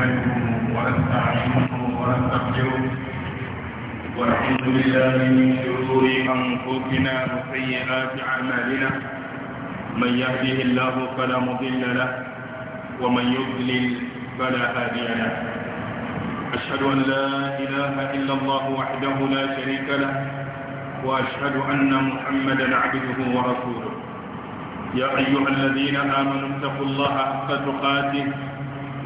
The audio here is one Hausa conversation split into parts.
نحمده ونستعينه ونستغفره ونعوذ بالله من شرور انفسنا وسيئات اعمالنا من يهده الله فلا مضل له ومن يضلل فلا هادي له اشهد ان لا اله الا الله وحده لا شريك له واشهد ان محمدا عبده ورسوله يا ايها الذين امنوا اتقوا الله حق تقاته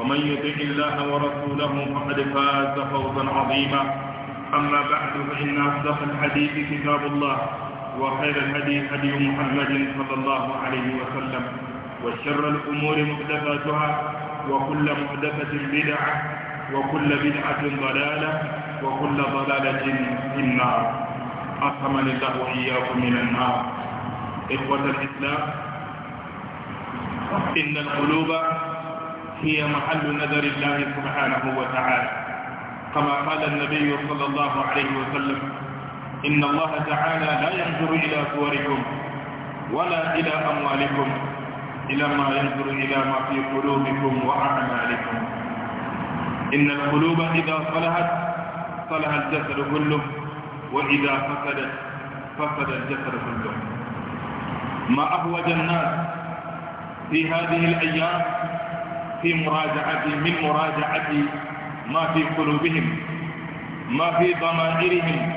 ومن يطع الله ورسوله فقد فاز فوزا عظيما أما بعد فإن أصدق الحديث كتاب الله وخير الهدي هدي محمد صلى الله عليه وسلم وشر الأمور محدثاتها وكل محدثة بدعة وكل بدعة ضلالة وكل ضلالة في النار أرحمني الله وإياكم من النار إخوة الإسلام إن القلوب هي محل نذر الله سبحانه وتعالى كما قال النبي صلى الله عليه وسلم إن الله تعالى لا ينظر إلى صوركم ولا إلى أموالكم إلى ما ينظر إلى ما في قلوبكم وأعمالكم إن القلوب إذا صلحت صلح الجسد كله وإذا فسدت فسد الجسد كله ما أهوج الناس في هذه الأيام في مراجعة من مراجعة ما في قلوبهم ما في ضمائرهم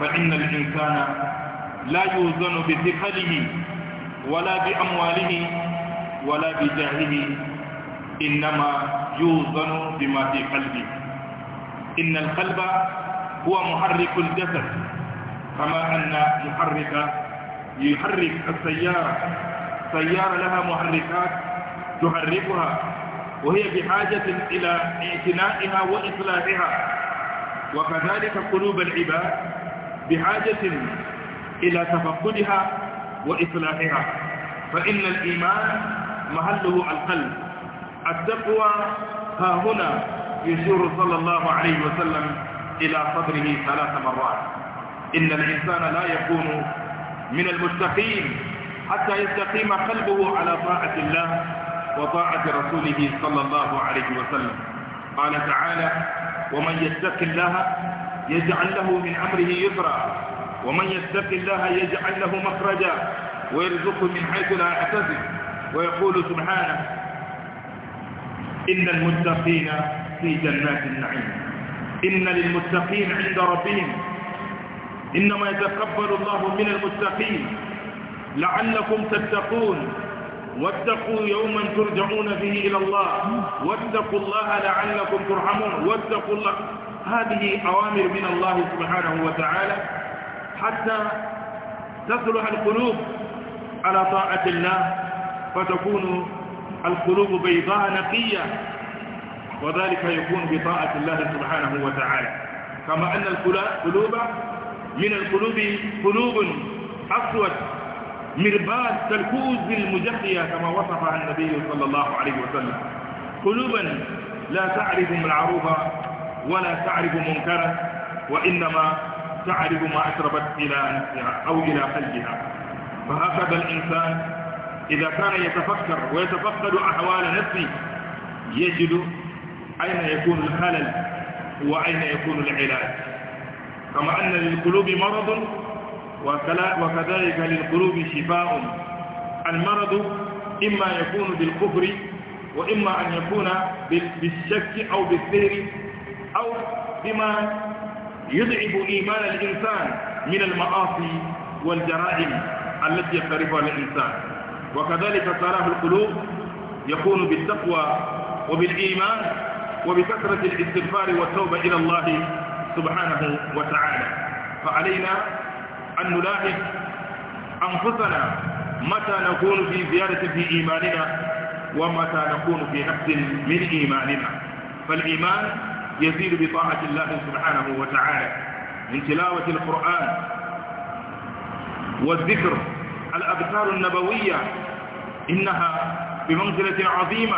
فإن الإنسان لا يوزن بثقله ولا بأمواله ولا بجاهه إنما يوزن بما في قلبه إن القلب هو محرك الجسد كما أن محرك يحرك السيارة سيارة لها محركات تحركها وهي بحاجة إلى اعتنائها وإصلاحها وكذلك قلوب العباد بحاجة إلى تفقدها وإصلاحها فإن الإيمان محله القلب التقوى ها هنا يشير صلى الله عليه وسلم إلى صدره ثلاث مرات إن الإنسان لا يكون من المستقيم حتى يستقيم قلبه على طاعة الله وطاعة رسوله صلى الله عليه وسلم قال تعالى ومن يتق الله يجعل له من أمره يسرا ومن يتق الله يجعل له مخرجا ويرزقه من حيث لا يحتسب ويقول سبحانه إن المتقين في جنات النعيم إن للمتقين عند ربهم إنما يتقبل الله من المتقين لعلكم تتقون واتقوا يوما ترجعون به إلى الله واتقوا الله لعلكم ترحمون واتقوا الله هذه أوامر من الله سبحانه وتعالى حتى تصلح القلوب على طاعة الله فتكون القلوب بيضاء نقية وذلك يكون بطاعة الله سبحانه وتعالى كما أن القلوب من القلوب قلوب أسود مرباد تلكوز المجحية كما وصفها النبي صلى الله عليه وسلم قلوبا لا تعرف معروفا ولا تعرف منكرا وإنما تعرف ما أشربت إلى نفسها أو إلى قلبها فهكذا الإنسان إذا كان يتفكر ويتفقد أحوال نفسه يجد أين يكون الخلل وأين يكون العلاج كما أن للقلوب مرض وكذلك للقلوب شفاء المرض إما يكون بالكفر وإما أن يكون بالشك أو بالسير أو بما يضعف إيمان الإنسان من المعاصي والجرائم التي يقترفها الإنسان وكذلك صلاح القلوب يكون بالتقوى وبالإيمان وبكثرة الاستغفار والتوبة إلى الله سبحانه وتعالى فعلينا أن نلاحظ أنفسنا متى نكون في زيادة في إيماننا ومتى نكون في نقص من إيماننا فالإيمان يزيد بطاعة الله سبحانه وتعالى من تلاوة القرآن والذكر الأذكار النبوية إنها بمنزلة عظيمة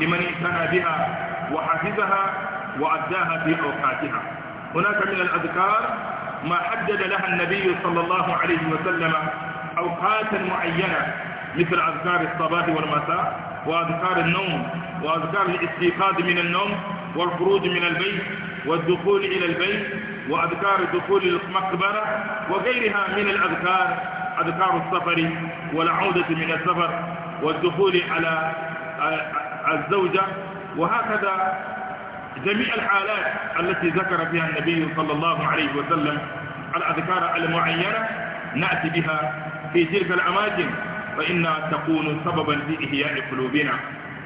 لمن اعتنى بها وحفظها وأداها في أوقاتها هناك من الأذكار ما حدد لها النبي صلى الله عليه وسلم أوقاتا معينة مثل أذكار الصباح والمساء وأذكار النوم وأذكار الاستيقاظ من النوم والخروج من البيت والدخول إلى البيت وأذكار دخول المقبرة وغيرها من الأذكار أذكار السفر والعودة من السفر والدخول على آه، الزوجة وهكذا جميع الحالات التي ذكر فيها النبي صلى الله عليه وسلم الأذكار المعينة نأتي بها في تلك الأماكن فإنها تكون سببا في إحياء قلوبنا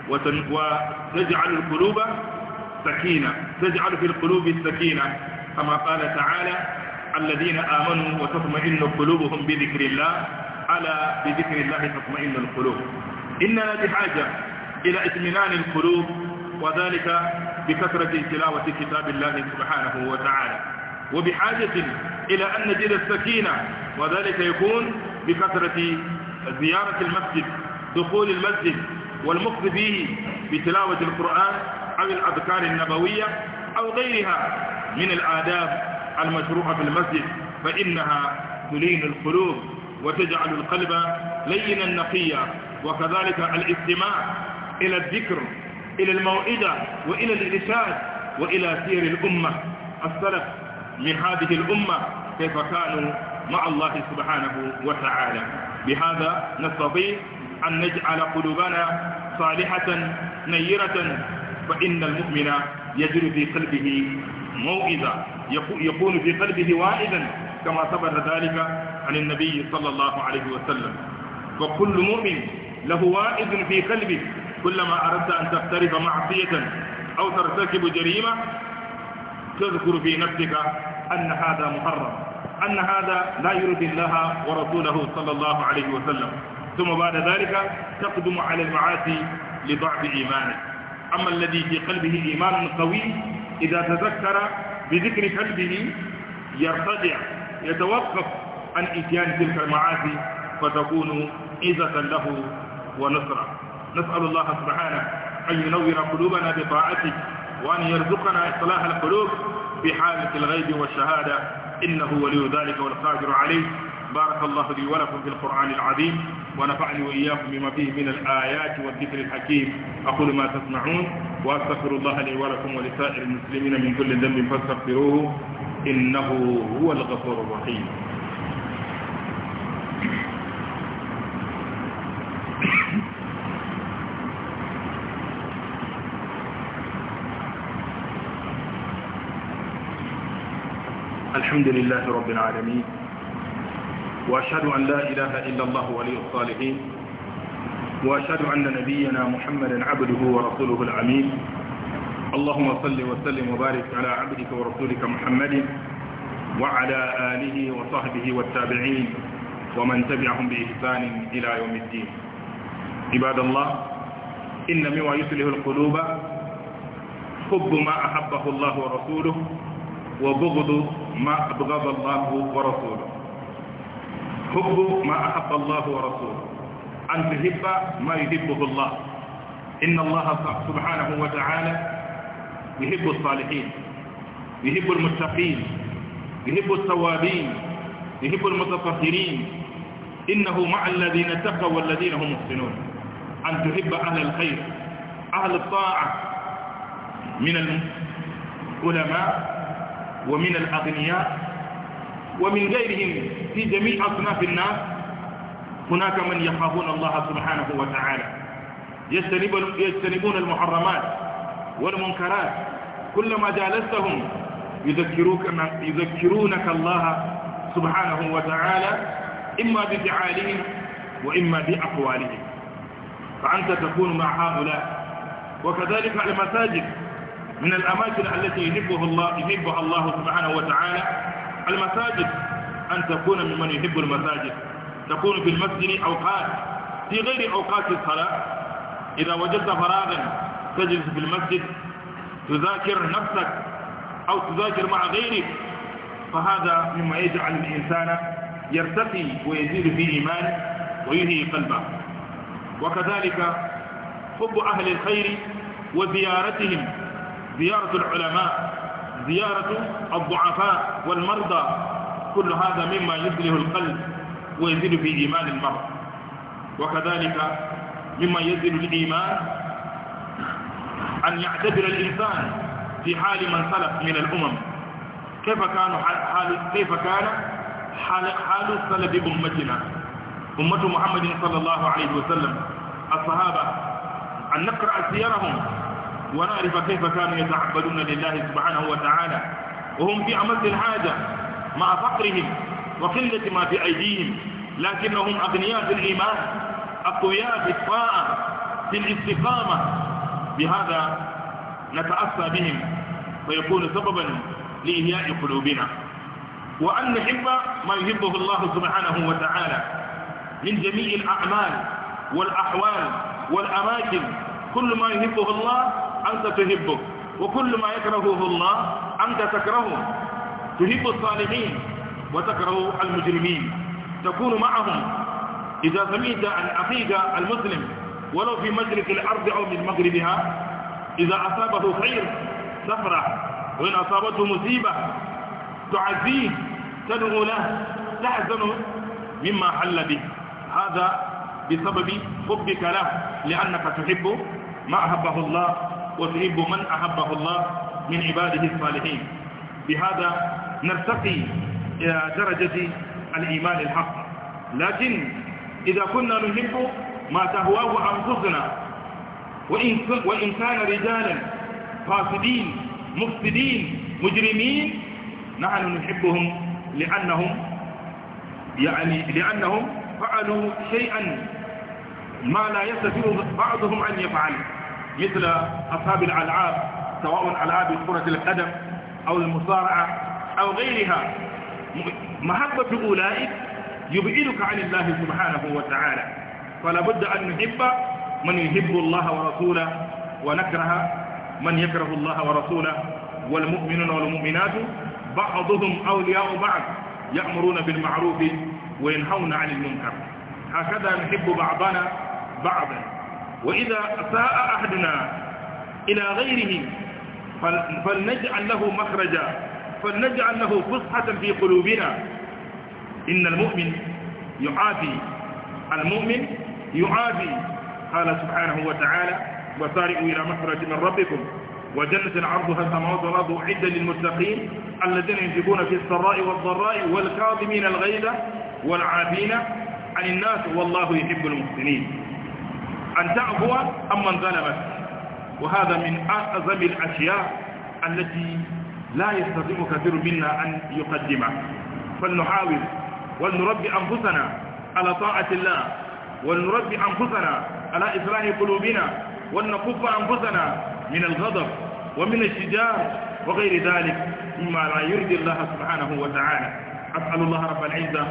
وتجعل القلوب سكينة تجعل في القلوب السكينة كما قال تعالى الذين آمنوا وتطمئن قلوبهم بذكر الله ألا بذكر الله تطمئن القلوب إننا بحاجة إلى اطمئنان القلوب وذلك بكثرة تلاوة كتاب الله سبحانه وتعالى وبحاجة إلى أن نجد السكينة وذلك يكون بكثرة زيارة المسجد دخول المسجد والمقض فيه بتلاوة القرآن أو الأذكار النبوية أو غيرها من الآداب المشروعة في المسجد فإنها تلين القلوب وتجعل القلب لينا نقيا وكذلك الاستماع إلى الذكر إلى الموعدة وإلى الإرشاد وإلى سير الأمة السلف من هذه الأمة كيف كانوا مع الله سبحانه وتعالى بهذا نستطيع أن نجعل قلوبنا صالحة نيرة فإن المؤمن يجد في قلبه موئدة يكون في قلبه واعظا كما ثبت ذلك عن النبي صلى الله عليه وسلم وكل مؤمن له واعظ في قلبه كلما أردت أن تقترف معصية أو ترتكب جريمة تذكر في نفسك أن هذا محرم أن هذا لا يرضي الله ورسوله صلى الله عليه وسلم ثم بعد ذلك تقدم على المعاصي لضعف إيمانك أما الذي في قلبه إيمان قوي إذا تذكر بذكر قلبه يرتجع يتوقف عن إتيان تلك المعاصي فتكون عزة له ونصرة نسأل الله سبحانه أن ينور قلوبنا بطاعته وأن يرزقنا إصلاح القلوب بحالة الغيب والشهادة إنه ولي ذلك والقادر عليه بارك الله لي ولكم في القرآن العظيم ونفعني وإياكم بما فيه من الآيات والذكر الحكيم أقول ما تسمعون وأستغفر الله لي ولكم ولسائر المسلمين من كل ذنب فاستغفروه إنه هو الغفور الرحيم الحمد لله رب العالمين وأشهد أن لا إله إلا الله ولي الصالحين وأشهد أن نبينا محمدا عبده ورسوله العمين اللهم صل وسلم وبارك على عبدك ورسولك محمد وعلى آله وصحبه والتابعين ومن تبعهم بإحسان إلى يوم الدين عباد الله إن مما يسله القلوب حب ما أحبه الله ورسوله وبغض ما أبغض الله ورسوله حب ما أحب الله ورسوله أن تحب ما يحبه الله إن الله سبحانه وتعالى يحب الصالحين يحب المتقين يحب التوابين يحب المتطهرين إنه مع الذين اتقوا والذين هم محسنون أن تحب أهل الخير أهل الطاعة من العلماء ومن الأغنياء ومن غيرهم في جميع أصناف الناس هناك من يخافون الله سبحانه وتعالى يجتنبون المحرمات والمنكرات كلما جالستهم يذكروك يذكرونك الله سبحانه وتعالى إما بفعالهم وإما بأقوالهم فأنت تكون مع هؤلاء وكذلك المساجد من الأماكن التي يحبها الله يحبها الله سبحانه وتعالى المساجد أن تكون ممن يحب المساجد تكون في المسجد أوقات في غير أوقات الصلاة إذا وجدت فراغا تجلس في المسجد تذاكر نفسك أو تذاكر مع غيرك فهذا مما يجعل الإنسان يرتقي ويزيد في إيمانه ويهي قلبه وكذلك حب أهل الخير وزيارتهم زيارة العلماء زيارة الضعفاء والمرضى كل هذا مما يزله القلب ويزيد في إيمان المرء وكذلك مما يزل الإيمان أن يعتبر الإنسان في حال من سلف من الأمم كيف كان حال كيف كان حال حال سلف أمتنا أمة محمد صلى الله عليه وسلم الصحابة أن نقرأ سيرهم ونعرف كيف كانوا يتعبدون لله سبحانه وتعالى وهم في أمس الحاجة مع فقرهم وقلة ما في أيديهم لكنهم أغنياء في الإيمان أقوياء في الطاعة في الاستقامة بهذا نتأسى بهم ويكون سببا لإهياء قلوبنا وأن نحب ما يحبه الله سبحانه وتعالى من جميع الأعمال والأحوال والأماكن كل ما يحبه الله أنت تحبه وكل ما يكرهه الله أنت تكرهه تحب الصالحين وتكره المجرمين تكون معهم إذا سمعت أن أخيك المسلم ولو في مجلس الأرض أو من مغربها إذا أصابه خير تفرح وإن أصابته مصيبة تعزيه تدعو له تحزن مما حل به هذا بسبب حبك له لأنك تحب ما أحبه الله وتحب من أحبه الله من عباده الصالحين بهذا نرتقي إلى درجة الإيمان الحق لكن إذا كنا نحب ما تهواه أنفسنا وإن كان رجالا فاسدين مفسدين مجرمين نحن نحبهم لأنهم يعني لأنهم فعلوا شيئا ما لا يستطيع بعضهم أن يفعله مثل أصحاب الألعاب سواء ألعاب كرة القدم أو المصارعة أو غيرها محبة أولئك يبعدك عن الله سبحانه وتعالى فلا بد أن نحب من يحب الله ورسوله ونكره من يكره الله ورسوله والمؤمنون والمؤمنات بعضهم أولياء بعض يأمرون بالمعروف وينهون عن المنكر هكذا نحب بعضنا بعضا وإذا أساء أحدنا إلى غيره فلنجعل له مخرجا فلنجعل له فصحة في قلوبنا إن المؤمن يعافي المؤمن يعافي قال سبحانه وتعالى وسارعوا إلى مخرج من ربكم وجنة عرضها السماوات والأرض أعدة للمتقين الذين ينفقون في السراء والضراء والكاظمين الغيظ والعافين عن الناس والله يحب المحسنين أن تعفو عمن ظلمك وهذا من أعظم الأشياء التي لا يستطيع كثير منا أن يقدمها فلنحاول ولنربي أنفسنا على طاعة الله ولنربي أنفسنا على إصلاح قلوبنا ولنكف أنفسنا من الغضب ومن الشجار وغير ذلك مما لا يرضي الله سبحانه وتعالى أسأل الله رب العزة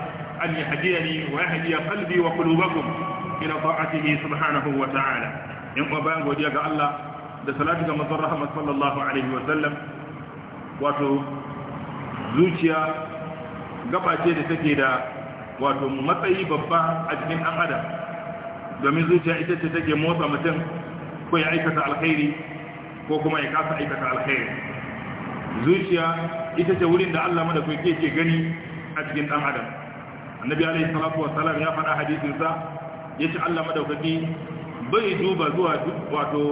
أن يهديني ويهدي قلبي وقلوبكم إلى طاعته سبحانه وتعالى إن godiya ga Allah da salatu ga manzon rahmat sallallahu alaihi wa sallam wato zuciya gabace ce da take da wato matsayi babba a cikin dan adam domin zuciya ita ce take motsa mutum ko ya aikata alkhairi ko kuma ya kasa aikata alkhairi zuciya ita ce wurin da Allah madaukake ke gani a cikin dan adam annabi alaihi salatu wa salam ya faɗa hadisin sa ya ce Allah madaukaki bai duba zuwa wato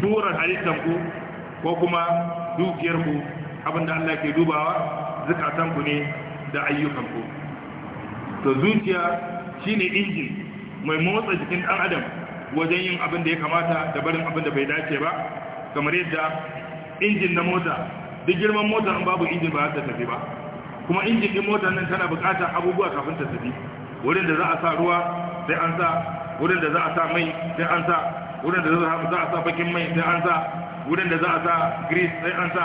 surar halittanku ko kuma dukiyarku abinda Allah ke dubawa zukatanku ne da ayyukanku to zuciya shine injin mai motsa jikin ɗan adam wajen yin abin da ya kamata da barin abin da bai dace ba kamar yadda injin na mota duk girman mota an babu injin ba ta tafi ba kuma injin din mota nan tana bukatar abubuwa kafin ta tafi wurin da za a sa ruwa sai an sa wurin da za a sa mai sai an sa wurin da za a sa bakin mai sai an sa wurin da za a sa gris sai an sa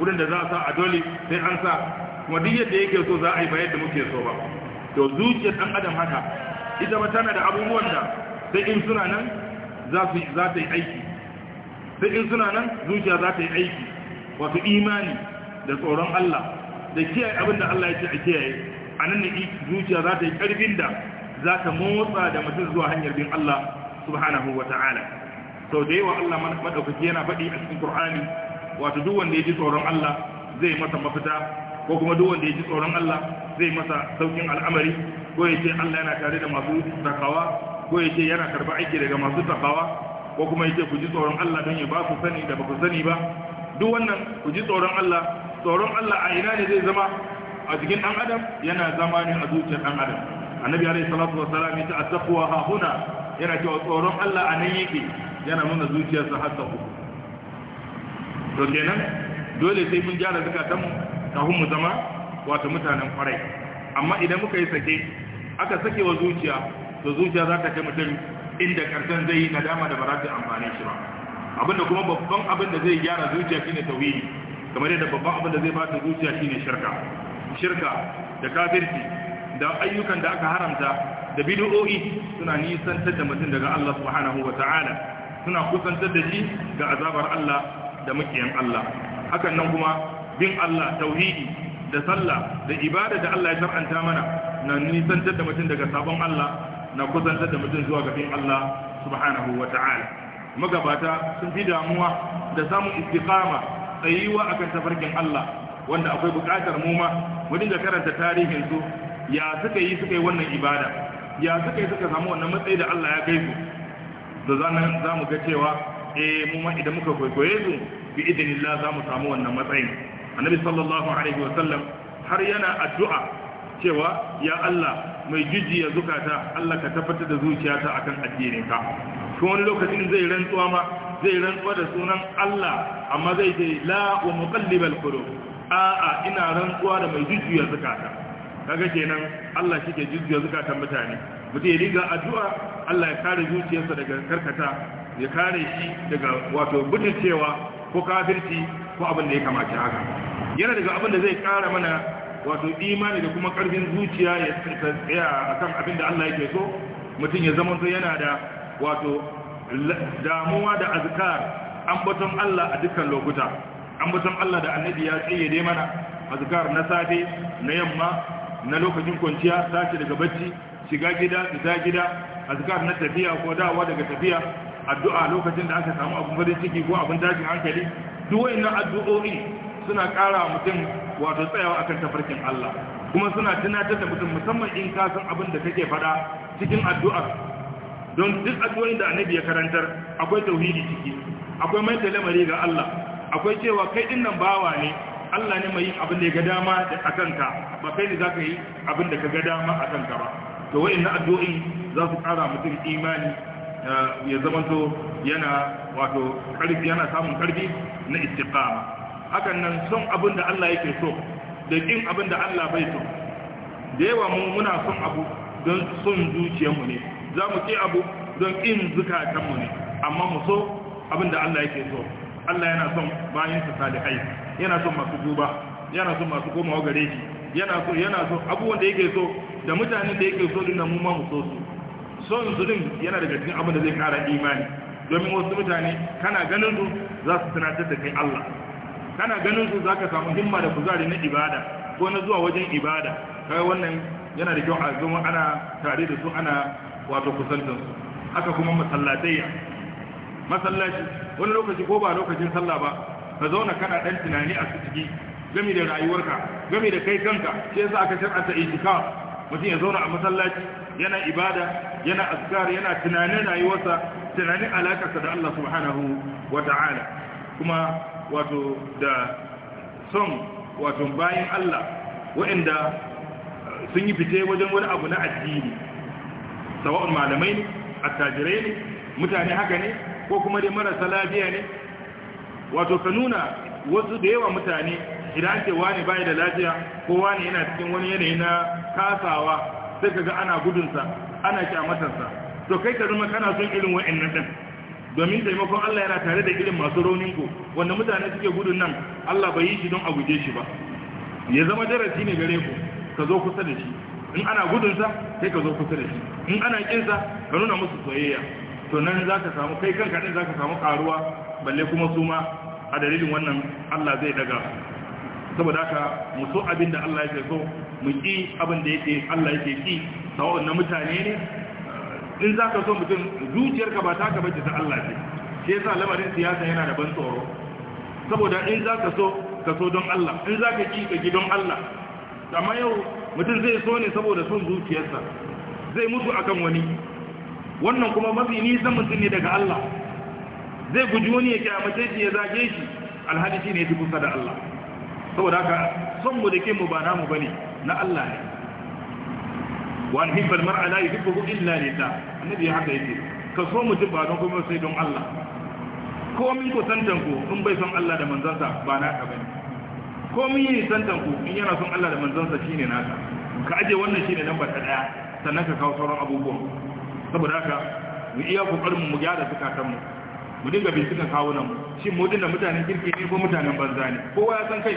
wurin da za a sa adoli sai an sa kuma duk yadda yake so za a yi ba yadda muke so ba to zuciyar dan adam haka ita ba tana da abubuwan da sai in suna nan za su za ta yi aiki sai in suna nan zuciya za ta yi aiki wato imani da tsoron Allah da kiyaye abin da Allah ya ce a kiyaye a nan ne zuciya za ta yi ƙarfin da za ka motsa da mutum zuwa hanyar bin Allah subhanahu wa ta'ala sau da yawa Allah maɗaukaki yana faɗi a cikin Kur'ani wato duk wanda ya ji tsoron Allah zai masa mafita ko kuma duk wanda ya ji tsoron Allah zai masa saukin al'amari ko ya ce Allah yana tare da masu takawa ko ya ce yana karɓar aiki daga masu takawa ko kuma ya ce ku ji tsoron Allah don ya ba ku sani da ba ku sani ba duk wannan ku ji tsoron Allah tsoron Allah a ina ne zai zama a cikin ɗan adam yana zama ne a zuciyar ɗan adam annabi alayhi salatu wa ya ce at-taqwa ha huna yana cewa tsoron Allah a nan yake yana nuna zuciyarsa har ta uku to kenan dole sai mun gyara zakatanmu kafin mu zama wato mutanen kwarai amma idan muka yi sake aka sake wa zuciya to zuciya za ta kai mutum inda karshen zai yi nadama da ba za ta amfani shi ba abinda kuma babban abin da zai gyara zuciya shine tauhidi kamar yadda babban abin da zai bata zuciya shine shirka shirka da kafirci da ayyukan da aka haramta da bid'o'i suna nisantar da mutum daga Allah subhanahu ta'ala suna kusantar da shi ga azabar Allah da makiyan Allah hakan nan kuma bin Allah tauhidi da sallah da ibada da Allah ya shar'anta mana na nisantar da mutum daga sabon Allah na kusantar da mutum zuwa ga bin Allah subhanahu ta'ala magabata sun fi damuwa da samun istiqama tsayuwa akan tafarkin Allah wanda akwai bukatar mu ma mu dinga karanta tarihin su ya suka yi suka yi wannan ibada ya suka yi suka samu wannan matsayi da Allah ya kai su da zanen za mu ga cewa e mu ma idan muka kwaikwaye su bi idinillah za mu samu wannan matsayin annabi sallallahu alaihi wa sallam har yana addu'a cewa ya Allah mai ya zukata Allah ka tabbatar da zuciyata akan addininka ko wani lokacin zai rantsuwa ma zai rantsuwa da sunan Allah amma zai ce la wa muqallibal qulub a'a ina rantsuwa da mai jujjuya zukata kaga kenan Allah shike jujjuya zukatan mutane mutum ya riga addu'a Allah ya kare zuciyarsa daga karkata ya kare shi daga wato butulcewa ko kafirci ko abin da ya kamace haka yana daga abin da zai kara mana wato imani da kuma karfin zuciya ya tsaya akan abin da Allah yake so mutum ya zama yana da wato damuwa da azkar ambaton Allah a dukkan lokuta ambaton Allah da annabi ya tsaye dai mana azkar na safe na yamma na lokacin kwanciya sace daga bacci shiga gida fita gida azkar na tafiya ko dawa daga tafiya addu'a lokacin da aka samu abin farin ciki ko abin tashin hankali duk wayannan addu'o'i suna ƙara mutum wato tsayawa akan tafarkin Allah kuma suna tunatar da mutum musamman in ka san abin da kake faɗa cikin addu'a don duk addu'o'in da annabi ya karantar akwai tauhidi ciki akwai mai lamari ga Allah akwai cewa kai din nan bawa ne Allah ne mai abin da ya ga dama da akan ka ba kai ne zaka yi abin da ka ga dama akan ka ba to na addu'o'in za su ƙara mutum imani eh, ya zamanto yana wato karfi yana samun karfi na istiqama hakan nan son abin da Allah yake so da kin abin da Allah bai so da yawa mu muna son abu don son zuciyarmu ne za mu ki abu don in zukatanmu ne amma mu so abin da Allah yake so Allah yana son bayan su salihai yana son masu duba yana son masu komawa gare shi yana so yana so abubuwan da yake so da mutanen da yake so din nan mu ma mu so su son su din yana daga cikin abin da zai kara imani domin wasu mutane kana ganin su za su tunatar da kai Allah kana ganin su zaka samu himma da kuzari na ibada ko na zuwa wajen ibada kai wannan yana da kyau a zama ana tare da su ana wato kusantar su haka kuma masallatai masallaci wani lokaci ko ba lokacin sallah ba ka zauna kana ɗan tunani a ciki game da rayuwarka game da kai kanka shi yasa aka shar'anta itikaf mutum ya zauna a masallaci yana ibada yana azkar yana tunanin rayuwarsa tunanin alakarsa da Allah subhanahu wata'ala kuma wato da son wato bayan Allah waɗanda sun yi fice wajen wani abu na addini sawa'un malamai ne attajirai ne mutane haka ne ko kuma dai marasa lafiya ne wato ka nuna wasu da yawa mutane idan ce wani bai da lafiya ko wani yana cikin wani yanayi na kasawa sai ka ga ana gudunsa ana kyamatarsa to kai ka zama kana son irin wa'annan din domin taimakon Allah yana tare da irin masu raunin ku wanda mutane suke gudun nan Allah bai yi shi don a guje shi ba ya zama darasi ne gare ku ka zo kusa da shi in ana gudunsa sai ka zo kusa da shi in ana kinsa ka nuna musu soyayya to nan za samu kai kanka din zaka samu karuwa balle kuma suma. a dalilin wannan Allah zai daga saboda haka mu so abin da Allah yake so mu ki abin da yake Allah yake ki sawa na mutane ne eh, in za ka so mutum zuciyarka ba ka bace ta Allah ce shi yasa lamarin siyasa yana da ban tsoro saboda in za ka so ka so don Allah in za ka ki ka ki don Allah amma yau mutum zai so ne saboda son zuciyarsa zai mutu akan wani wannan kuma mafi nisan mutum ne daga Allah zai guji wani ya mace shi ya zage shi alhali shi ne ya fi kusa da Allah saboda haka son mu da ke mu ba namu bane na Allah ne wa an hibba mar'a la yuhibbu illa lillah annabi ya haka yake ka so mu ba don kuma sai don Allah ko min ku santan ku in bai son Allah da manzansa ba na ka bane ko min yi santan ku in yana son Allah da manzansa shine naka ka aje wannan shine lambar ta daya sannan ka kawo sauran abubuwan saboda haka mu iya kokarin mu gyara mu. mu dinga bincikan kawunan mu shi mu dinga mutanen kirki ne ko mutanen banza ne kowa ya san kai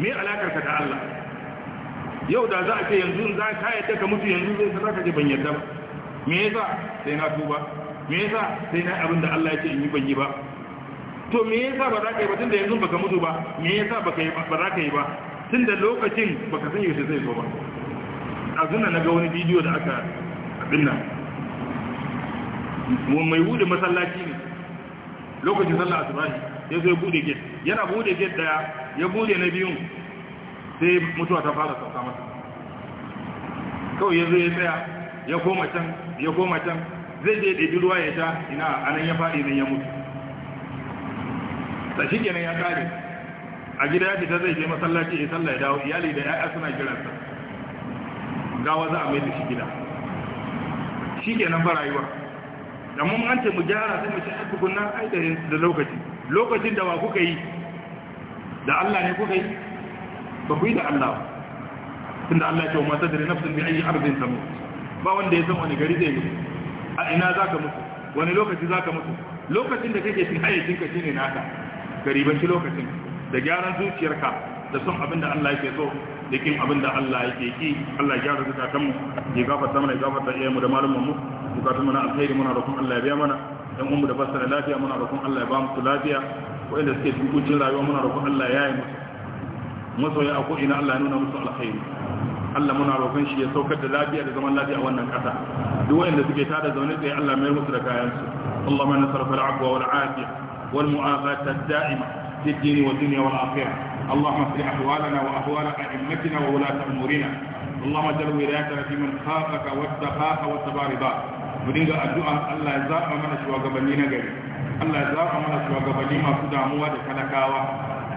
me alakar ka da Allah yau da za a ce yanzu za ka yadda ka mutu yanzu zai za ka ji ban yadda ba me yasa sai na tuba me yasa sai na abin da Allah ya ce in yi ban yi ba to me yasa ba za ka yi ba tunda yanzu baka mutu ba me yasa baka yi ba za ka yi ba tunda lokacin baka san yaushe zai zo ba a zuna na ga wani bidiyo da aka abin nan mai wuce masallaci ne lokacin sallah asubahi ya zo ya bude gate yana bude gate daya ya bude na biyun sai mutuwa ta fara sauka masa kawai ya zo ya tsaya ya koma can ya koma can zai je ɗabi ruwa ya sha ina anan ya faɗi nan ya mutu ta shi kenan ya kare a gida ya fita zai je masallaci ya sallah ya dawo iyali da ya'ya suna kiransa gawa za a mai da shi gida shi kenan ba rayuwa amma an ce mu gyara sai mu ce ai tukunna ai da lokaci lokacin da wa kuka yi da Allah ne kuka yi ba ku yi da Allah tunda Allah ce wa ma tadri nafsun bi ayi ardin tamut ba wanda ya san wani gari zai yi a ina zaka mutu wani lokaci zaka mutu lokacin da kake cikin hayyacin ka shine naka gariban shi lokacin da gyaran zuciyarka da son abin da Allah yake so da kin abin da Allah yake ki Allah ya gyara zukatanmu ya gafarta mana ya gafarta mu da mu zukatanmu na alkhairi muna roƙon Allah ya biya mana dan ummu da basara lafiya muna roƙon Allah ya ba mu lafiya ko inda suke cikin rayuwa muna roƙon Allah ya yi musu masoya a ko ina Allah ya nuna musu alkhairi Allah muna roƙon shi ya saukar da lafiya da zaman lafiya a wannan ƙasa duk wanda suke tada zaune tsaye Allah mai musu da kayan su اللهم نصرف العفو والعافية والمعافاة da'ima. في الدين والدنيا والآخرة اللهم اصلح أحوالنا وأحوال أئمتنا وولاة أمورنا اللهم اجعل ولايتنا في من خافك واتقاك واتبع رضاك ولينغا ادعو الله يزا امنا شوا غبنينا غي الله يزا امنا شوا غبني ما كدا مو ده كلكاوا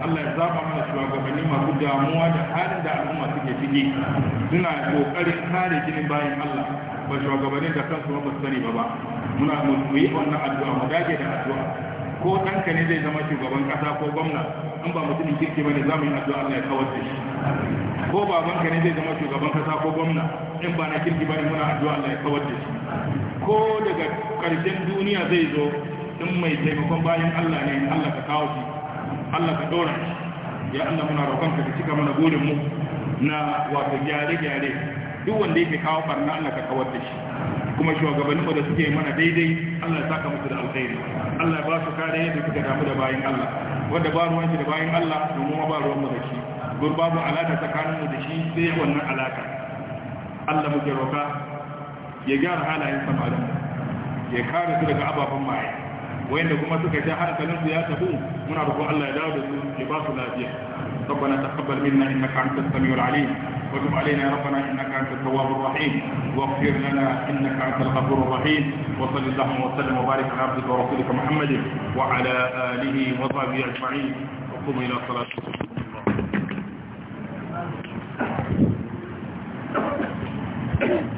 الله يزا امنا شوا غبني ما كدا مو ده حال ده امم تيجي تيجي دنا كوكاري كاري جين باين الله بشوا غبني ده كان سو بابا ko ɗanka ne zai zama shugaban ƙasa ko gwamna in ba mutumin kirki ba ne za mu yi addu'a Allah ya kawar da shi ko babanka ne zai zama shugaban ƙasa ko gwamna in ba na kirki ba ne muna addu'a Allah ya kawar da shi ko daga ƙarshen duniya zai zo in mai taimakon bayan Allah ne Allah ka kawo shi Allah ka dora shi ya Allah muna roƙon ka cika mana burin mu na wato gyare-gyare duk wanda yake kawo barna Allah ka kawar da shi kuma shugabanninmu da suke mana daidai Allah ya saka musu da alkhairi Allah ba su kare yadda suka damu da bayan Allah wanda ba ruwan shi da bayan Allah domin ma ba ruwan mu da shi gurbabu alaka tsakanin mu da shi sai wannan alaka Allah muke roka ya gyara halayen samarin ya kare su daga ababen maye wayanda kuma suka ja hankalin su ya tafi muna roƙon Allah ya dawo da su ya ba su lafiya ربنا تقبل منا انك انت السميع العليم وتب علينا يا ربنا إنك أنت التواب الرحيم واغفر لنا إنك أنت الغفور الرحيم وصل اللهم وسلم وبارك على عبدك ورسولك محمد وعلى آله وصحبه أجمعين وقوموا إلى الصلاة Thank you.